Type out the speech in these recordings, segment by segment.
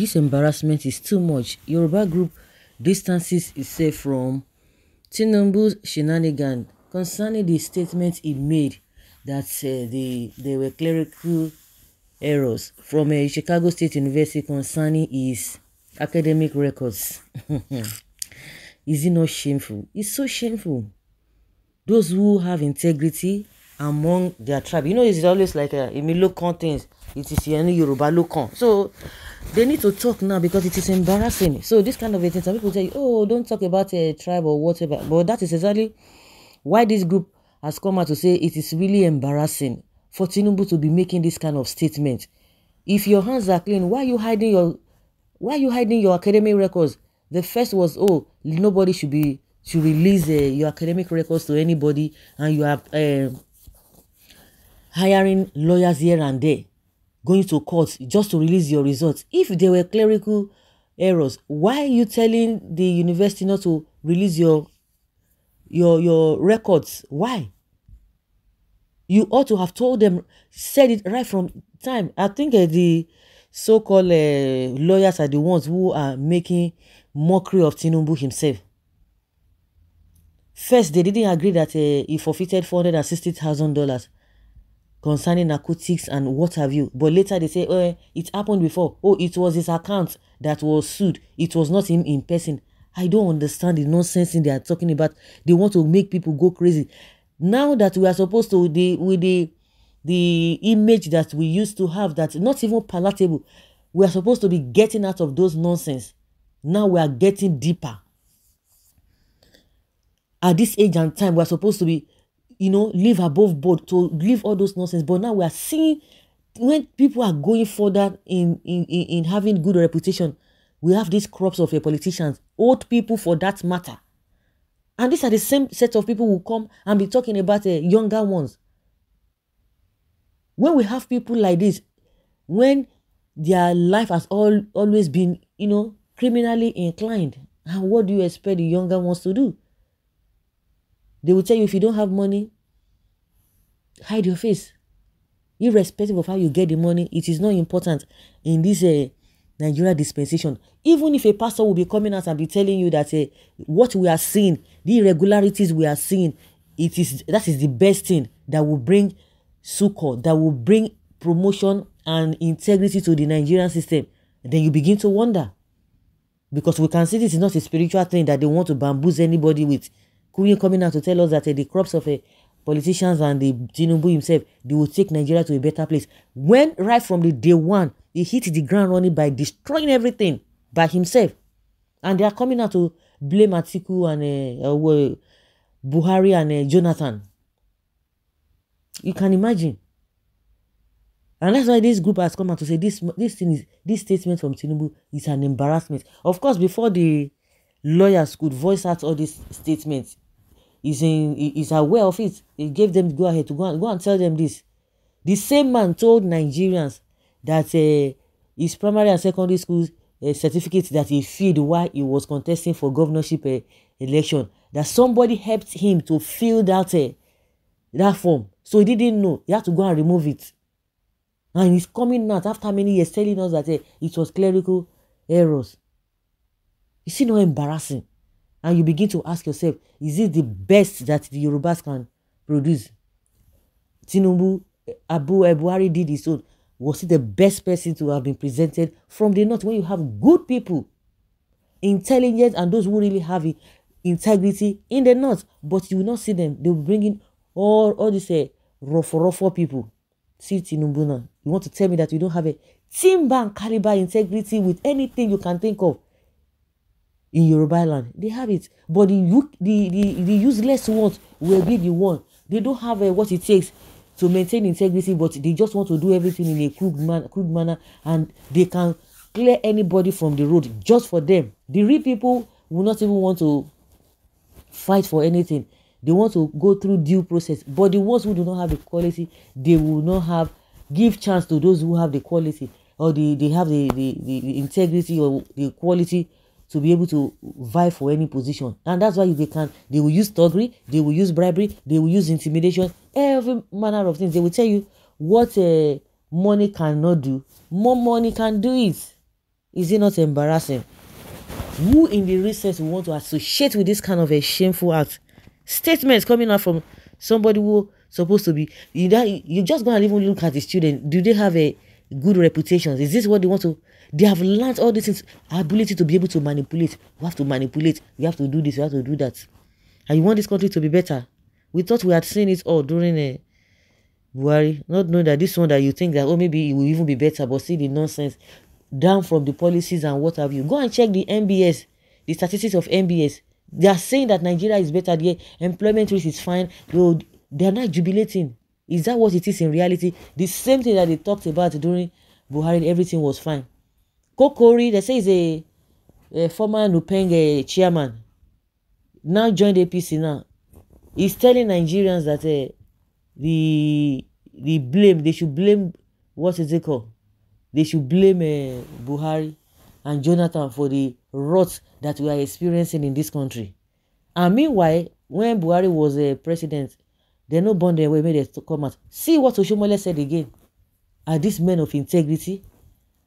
This embarrassment is too much. Yoruba group distances itself from Tinubu's shenanigans concerning the statement he made that uh, the, there were clerical errors from uh, Chicago State University concerning his academic records. is it not shameful? It's so shameful. Those who have integrity among their tribe you know it's always like a emi lokan things it is any yoruba lokan so they need to talk now because it is embarrassing so this kind of a thing some people say oh don't talk about a tribe or whatever but that is exactly why this group has come out to say it is really embarrassing for tinubu to be making this kind of statement if your hands are clean why are you hiding your why are you hiding your academic records the first was oh nobody should be to release uh, your academic records to anybody and you have uh, hiring lawyers here and there, going to court just to release your results. If there were clerical errors, why are you telling the university not to release your your your records? Why? You ought to have told them, said it right from time. I think uh, the so-called uh, lawyers are the ones who are making mockery of Tinubu himself. First, they didn't agree that uh, he forfeited $460,000 concerning narcotics and what have you. But later they say, oh, it happened before. Oh, it was his account that was sued. It was not him in person. I don't understand the nonsense they are talking about. They want to make people go crazy. Now that we are supposed to, the, with the, the image that we used to have that's not even palatable, we are supposed to be getting out of those nonsense. Now we are getting deeper. At this age and time, we are supposed to be you know, live above board, to live all those nonsense. But now we are seeing when people are going further in, in, in, in having good reputation, we have these crops of politicians, old people for that matter. And these are the same set of people who come and be talking about uh, younger ones. When we have people like this, when their life has all, always been, you know, criminally inclined, and what do you expect the younger ones to do? They will tell you if you don't have money, hide your face irrespective of how you get the money it is not important in this uh, nigeria dispensation even if a pastor will be coming out and be telling you that uh, what we are seeing the irregularities we are seeing it is that is the best thing that will bring succor that will bring promotion and integrity to the nigerian system then you begin to wonder because we can see this is not a spiritual thing that they want to bamboozle anybody with Queen coming out to tell us that uh, the crops of a politicians and the Tinubu himself, they will take Nigeria to a better place. When right from the day one, he hit the ground running by destroying everything by himself. And they are coming out to blame Atiku and uh, uh, Buhari and uh, Jonathan. You can imagine. And that's why this group has come out to say this this thing is this statement from Tinubu is an embarrassment. Of course, before the lawyers could voice out all these statements, is in is aware of it he gave them go ahead to go and go and tell them this the same man told nigerians that uh, his primary and secondary school uh, certificate that he filled while he was contesting for governorship uh, election that somebody helped him to fill that uh, that form so he didn't know he had to go and remove it and he's coming out after many years telling us that uh, it was clerical errors You see, no embarrassing and you begin to ask yourself is it the best that the yorubas can produce tinubu eh, abu eh, buhari did his own was he the best person to have been presented from the north when you have good people intelligent and those who really have it, integrity in the north but you will not see them they will bring in all all these uh, rough rough people see tinubu now you want to tell me that you don't have a team bank caliber integrity with anything you can think of in Yoruba land. They have it. But the, the, the, the useless ones will be the one. They don't have uh, what it takes to maintain integrity, but they just want to do everything in a crude, man, crude manner and they can clear anybody from the road just for them. The real people will not even want to fight for anything. They want to go through due process. But the ones who do not have the quality, they will not have give chance to those who have the quality or the, they have the, the, the integrity or the quality to be able to vie for any position. And that's why they can, they will use thuggery, they will use bribery, they will use intimidation, every manner of things. They will tell you what uh, money cannot do, more money can do it. Is it not embarrassing? Who in the recess will want to associate with this kind of a shameful act? Statements coming out from somebody who supposed to be you, that, you just gonna even look at the student. Do they have a good reputation? Is this what they want to they have learned all these things. Ability to be able to manipulate. We have to manipulate. We have to do this. We have to do that. And you want this country to be better. We thought we had seen it all during a uh, eh, Buhari, not knowing that this one that you think that oh maybe it will even be better, but see the nonsense down from the policies and what have you. Go and check the MBS, the statistics of MBS. They are saying that Nigeria is better. The employment rate is fine. They are not jubilating. Is that what it is in reality? The same thing that they talked about during Buhari, everything was fine. Kokori, they say he's a, a former Nupeng eh, chairman, now joined APC now. He's telling Nigerians that uh, the the blame, they should blame, what is it called? They should blame uh, Buhari and Jonathan for the rot that we are experiencing in this country. And meanwhile, when Buhari was a uh, president, they no bond their way, made they come out. See what Oshomole said again. Are these men of integrity?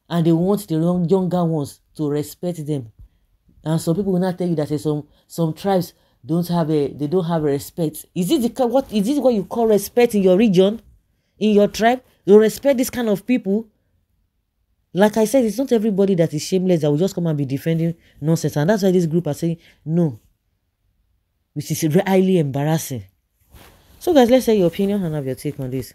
and they want the wrong, younger ones to respect them and some people will not tell you that say, some some tribes don't have a they don't have a respect is this the what is this what you call respect in your region in your tribe you respect this kind of people like i said it's not everybody that is shameless that will just come and be defending nonsense and that's why this group are saying no which is highly embarrassing so guys let's say your opinion and have your take on this